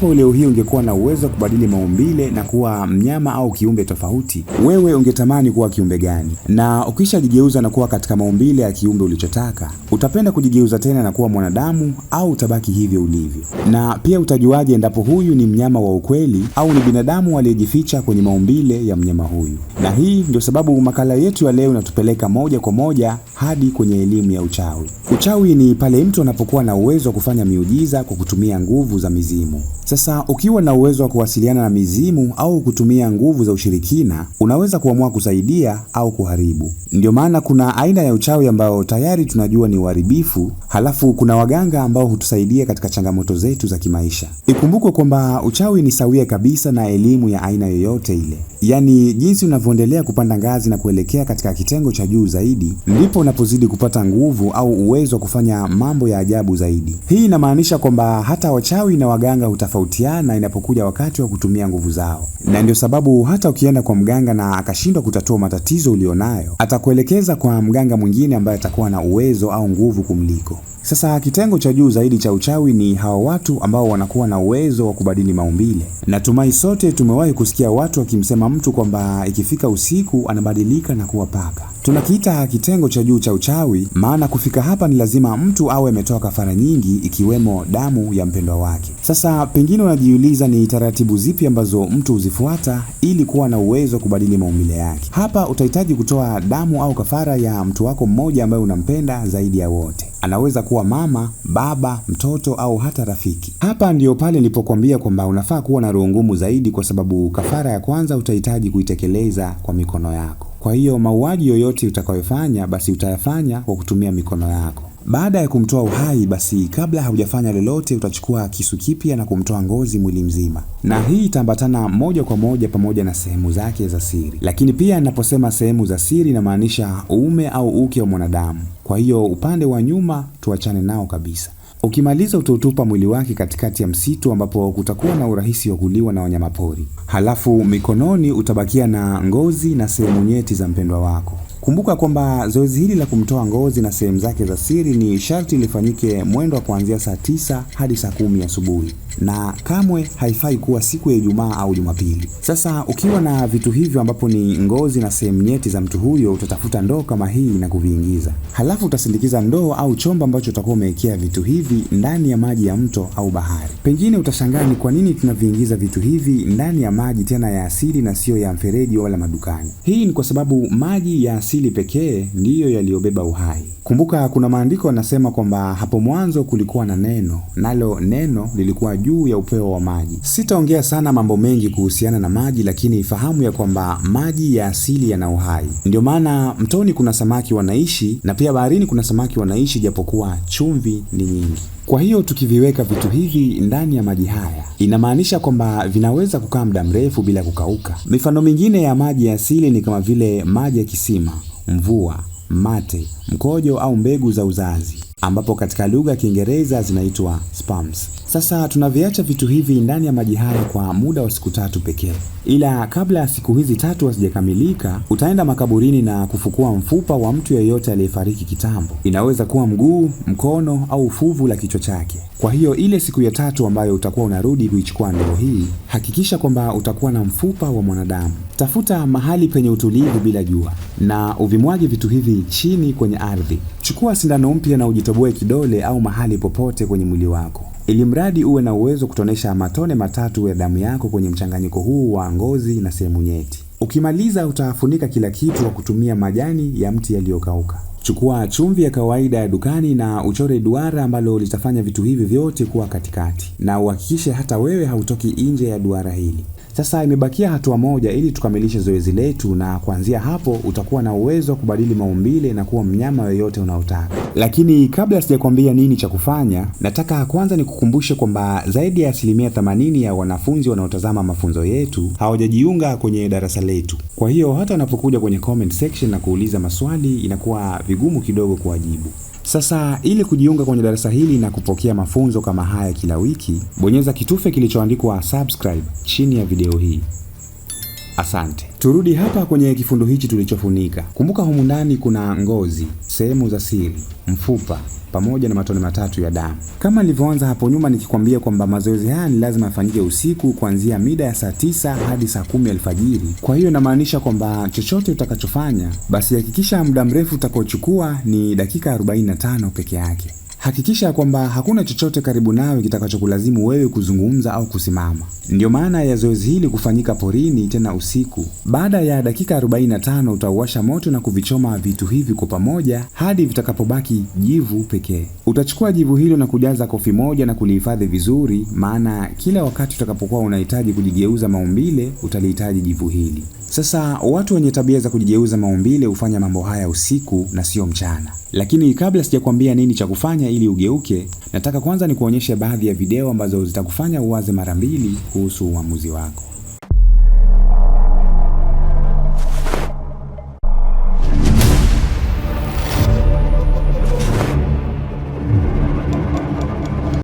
Endapo leo hii ungekuwa na uwezo wa kubadili maumbile na kuwa mnyama au kiumbe tofauti, wewe ungetamani kuwa kiumbe gani? Na ukishajigeuza na kuwa katika maumbile ya kiumbe ulichotaka, utapenda kujigeuza tena na kuwa mwanadamu au utabaki hivyo ulivyo? Na pia utajuaje endapo huyu ni mnyama wa ukweli au ni binadamu aliyejificha kwenye maumbile ya mnyama huyu? Na hii ndio sababu makala yetu ya leo inatupeleka moja kwa moja hadi kwenye elimu ya uchawi. Uchawi ni pale mtu anapokuwa na uwezo wa kufanya miujiza kwa kutumia nguvu za mizimu. Sasa ukiwa na uwezo wa kuwasiliana na mizimu au kutumia nguvu za ushirikina, unaweza kuamua kusaidia au kuharibu. Ndio maana kuna aina ya uchawi ambayo tayari tunajua ni uharibifu, halafu kuna waganga ambao hutusaidia katika changamoto zetu za kimaisha. Ikumbukwe kwamba uchawi ni sawia kabisa na elimu ya aina yoyote ile, yaani jinsi unavyoendelea kupanda ngazi na kuelekea katika kitengo cha juu zaidi, ndipo unapozidi kupata nguvu au uwezo wa kufanya mambo ya ajabu zaidi. Hii inamaanisha kwamba hata wachawi na waganga hutafa zinatofautiana inapokuja wakati wa kutumia nguvu zao, na ndio sababu hata ukienda kwa mganga na akashindwa kutatua matatizo ulionayo, atakuelekeza kwa mganga mwingine ambaye atakuwa na uwezo au nguvu kumliko. Sasa kitengo cha juu zaidi cha uchawi ni hawa watu ambao wanakuwa na uwezo wa kubadili maumbile. Natumai sote tumewahi kusikia watu wakimsema mtu kwamba ikifika usiku anabadilika na kuwa paka. Tunakiita kitengo cha juu cha uchawi, maana kufika hapa ni lazima mtu awe ametoa kafara nyingi, ikiwemo damu ya mpendwa wake. Sasa pengine unajiuliza ni taratibu zipi ambazo mtu huzifuata ili kuwa na uwezo wa kubadili maumbile yake. Hapa utahitaji kutoa damu au kafara ya mtu wako mmoja ambaye unampenda zaidi ya wote anaweza kuwa mama, baba, mtoto au hata rafiki. Hapa ndiyo pale nilipokuambia kwamba unafaa kuwa na roho ngumu zaidi, kwa sababu kafara ya kwanza utahitaji kuitekeleza kwa mikono yako. Kwa hiyo mauaji yoyote utakayofanya, basi utayafanya kwa kutumia mikono yako. Baada ya kumtoa uhai, basi kabla haujafanya lolote, utachukua kisu kipya na kumtoa ngozi mwili mzima, na hii itaambatana moja kwa moja pamoja na sehemu zake za siri. Lakini pia ninaposema sehemu za siri, inamaanisha uume au uke wa mwanadamu. Kwa hiyo upande wa nyuma tuachane nao kabisa. Ukimaliza utautupa mwili wake katikati ya msitu ambapo kutakuwa na urahisi wa kuliwa na wanyamapori. Halafu mikononi utabakia na ngozi na sehemu nyeti za mpendwa wako. Kumbuka kwamba zoezi hili la kumtoa ngozi na sehemu zake za siri ni sharti lifanyike mwendo wa kuanzia saa tisa hadi saa kumi asubuhi na kamwe haifai kuwa siku ya Ijumaa au Jumapili. Sasa ukiwa na vitu hivyo ambapo ni ngozi na sehemu nyeti za mtu huyo, utatafuta ndoo kama hii na kuviingiza, halafu utasindikiza ndoo au chombo ambacho utakuwa umewekea vitu hivi ndani ya maji ya mto au bahari. Pengine utashangaa ni kwa nini tunaviingiza vitu hivi ndani ya maji tena ya asili na siyo ya mfereji wala madukani. Hii ni kwa sababu maji ya asili pekee ndiyo yaliyobeba uhai. Kumbuka kuna maandiko yanasema kwamba hapo mwanzo kulikuwa na neno, nalo neno lilikuwa juu ya upeo wa maji. Sitaongea sana mambo mengi kuhusiana na maji, lakini fahamu ya kwamba maji ya asili yana uhai. Ndio maana mtoni kuna samaki wanaishi na pia baharini kuna samaki wanaishi, japokuwa chumvi ni nyingi. Kwa hiyo tukiviweka vitu hivi ndani ya maji haya, inamaanisha kwamba vinaweza kukaa muda mrefu bila kukauka. Mifano mingine ya maji ya asili ni kama vile maji ya kisima, mvua, mate, mkojo au mbegu za uzazi ambapo katika lugha ya Kiingereza zinaitwa spams. Sasa tunaviacha vitu hivi ndani ya maji haya kwa muda wa siku tatu pekee, ila kabla ya siku hizi tatu hazijakamilika, utaenda makaburini na kufukua mfupa wa mtu yeyote aliyefariki kitambo. Inaweza kuwa mguu, mkono au fuvu la kichwa chake. Kwa hiyo ile siku ya tatu ambayo utakuwa unarudi kuichukua ndoo hii, hakikisha kwamba utakuwa na mfupa wa mwanadamu. Tafuta mahali penye utulivu bila jua na uvimwage vitu hivi chini kwenye ardhi Chukua sindano mpya na ujitoboe kidole au mahali popote kwenye mwili wako, ili mradi uwe na uwezo kutonesha matone matatu ya damu yako kwenye mchanganyiko huu wa ngozi na sehemu nyeti. Ukimaliza, utafunika kila kitu kwa kutumia majani ya mti yaliyokauka. Chukua chumvi ya kawaida ya dukani na uchore duara ambalo litafanya vitu hivi vyote kuwa katikati, na uhakikishe hata wewe hautoki nje ya duara hili. Sasa imebakia hatua moja ili tukamilishe zoezi letu, na kuanzia hapo utakuwa na uwezo wa kubadili maumbile na kuwa mnyama yoyote unaotaka. Lakini kabla sijakwambia nini cha kufanya, nataka kwanza nikukumbushe kwamba zaidi ya asilimia 80 ya wanafunzi wanaotazama mafunzo yetu hawajajiunga kwenye darasa letu. Kwa hiyo hata wanapokuja kwenye comment section na kuuliza maswali, inakuwa vigumu kidogo kuwajibu. Sasa ili kujiunga kwenye darasa hili na kupokea mafunzo kama haya kila wiki, bonyeza kitufe kilichoandikwa subscribe chini ya video hii. Asante. Turudi hapa kwenye kifundo hichi tulichofunika. Kumbuka humu ndani kuna ngozi, sehemu za siri, mfupa pamoja na matone matatu ya damu. Kama nilivyoanza hapo nyuma nikikwambia kwamba mazoezi haya ni lazima yafanyike usiku kuanzia mida ya saa tisa hadi saa kumi alfajiri. Kwa hiyo inamaanisha kwamba chochote utakachofanya basi hakikisha muda mrefu utakaochukua ni dakika 45 peke yake. Hakikisha kwamba hakuna chochote karibu nawe kitakachokulazimu wewe kuzungumza au kusimama. ndio maana ya zoezi hili kufanyika porini, tena usiku. Baada ya dakika 45 utauwasha moto na kuvichoma vitu hivi kwa pamoja hadi vitakapobaki jivu pekee. Utachukua jivu hilo na kujaza kofi moja na kulihifadhi vizuri, maana kila wakati utakapokuwa unahitaji kujigeuza maumbile utalihitaji jivu hili. Sasa watu wenye tabia za kujigeuza maumbile hufanya mambo haya usiku na sio mchana, lakini kabla sijakwambia nini cha kufanya ili ugeuke, nataka kwanza ni kuonyesha baadhi ya video ambazo zitakufanya uwaze mara mbili kuhusu uamuzi wako.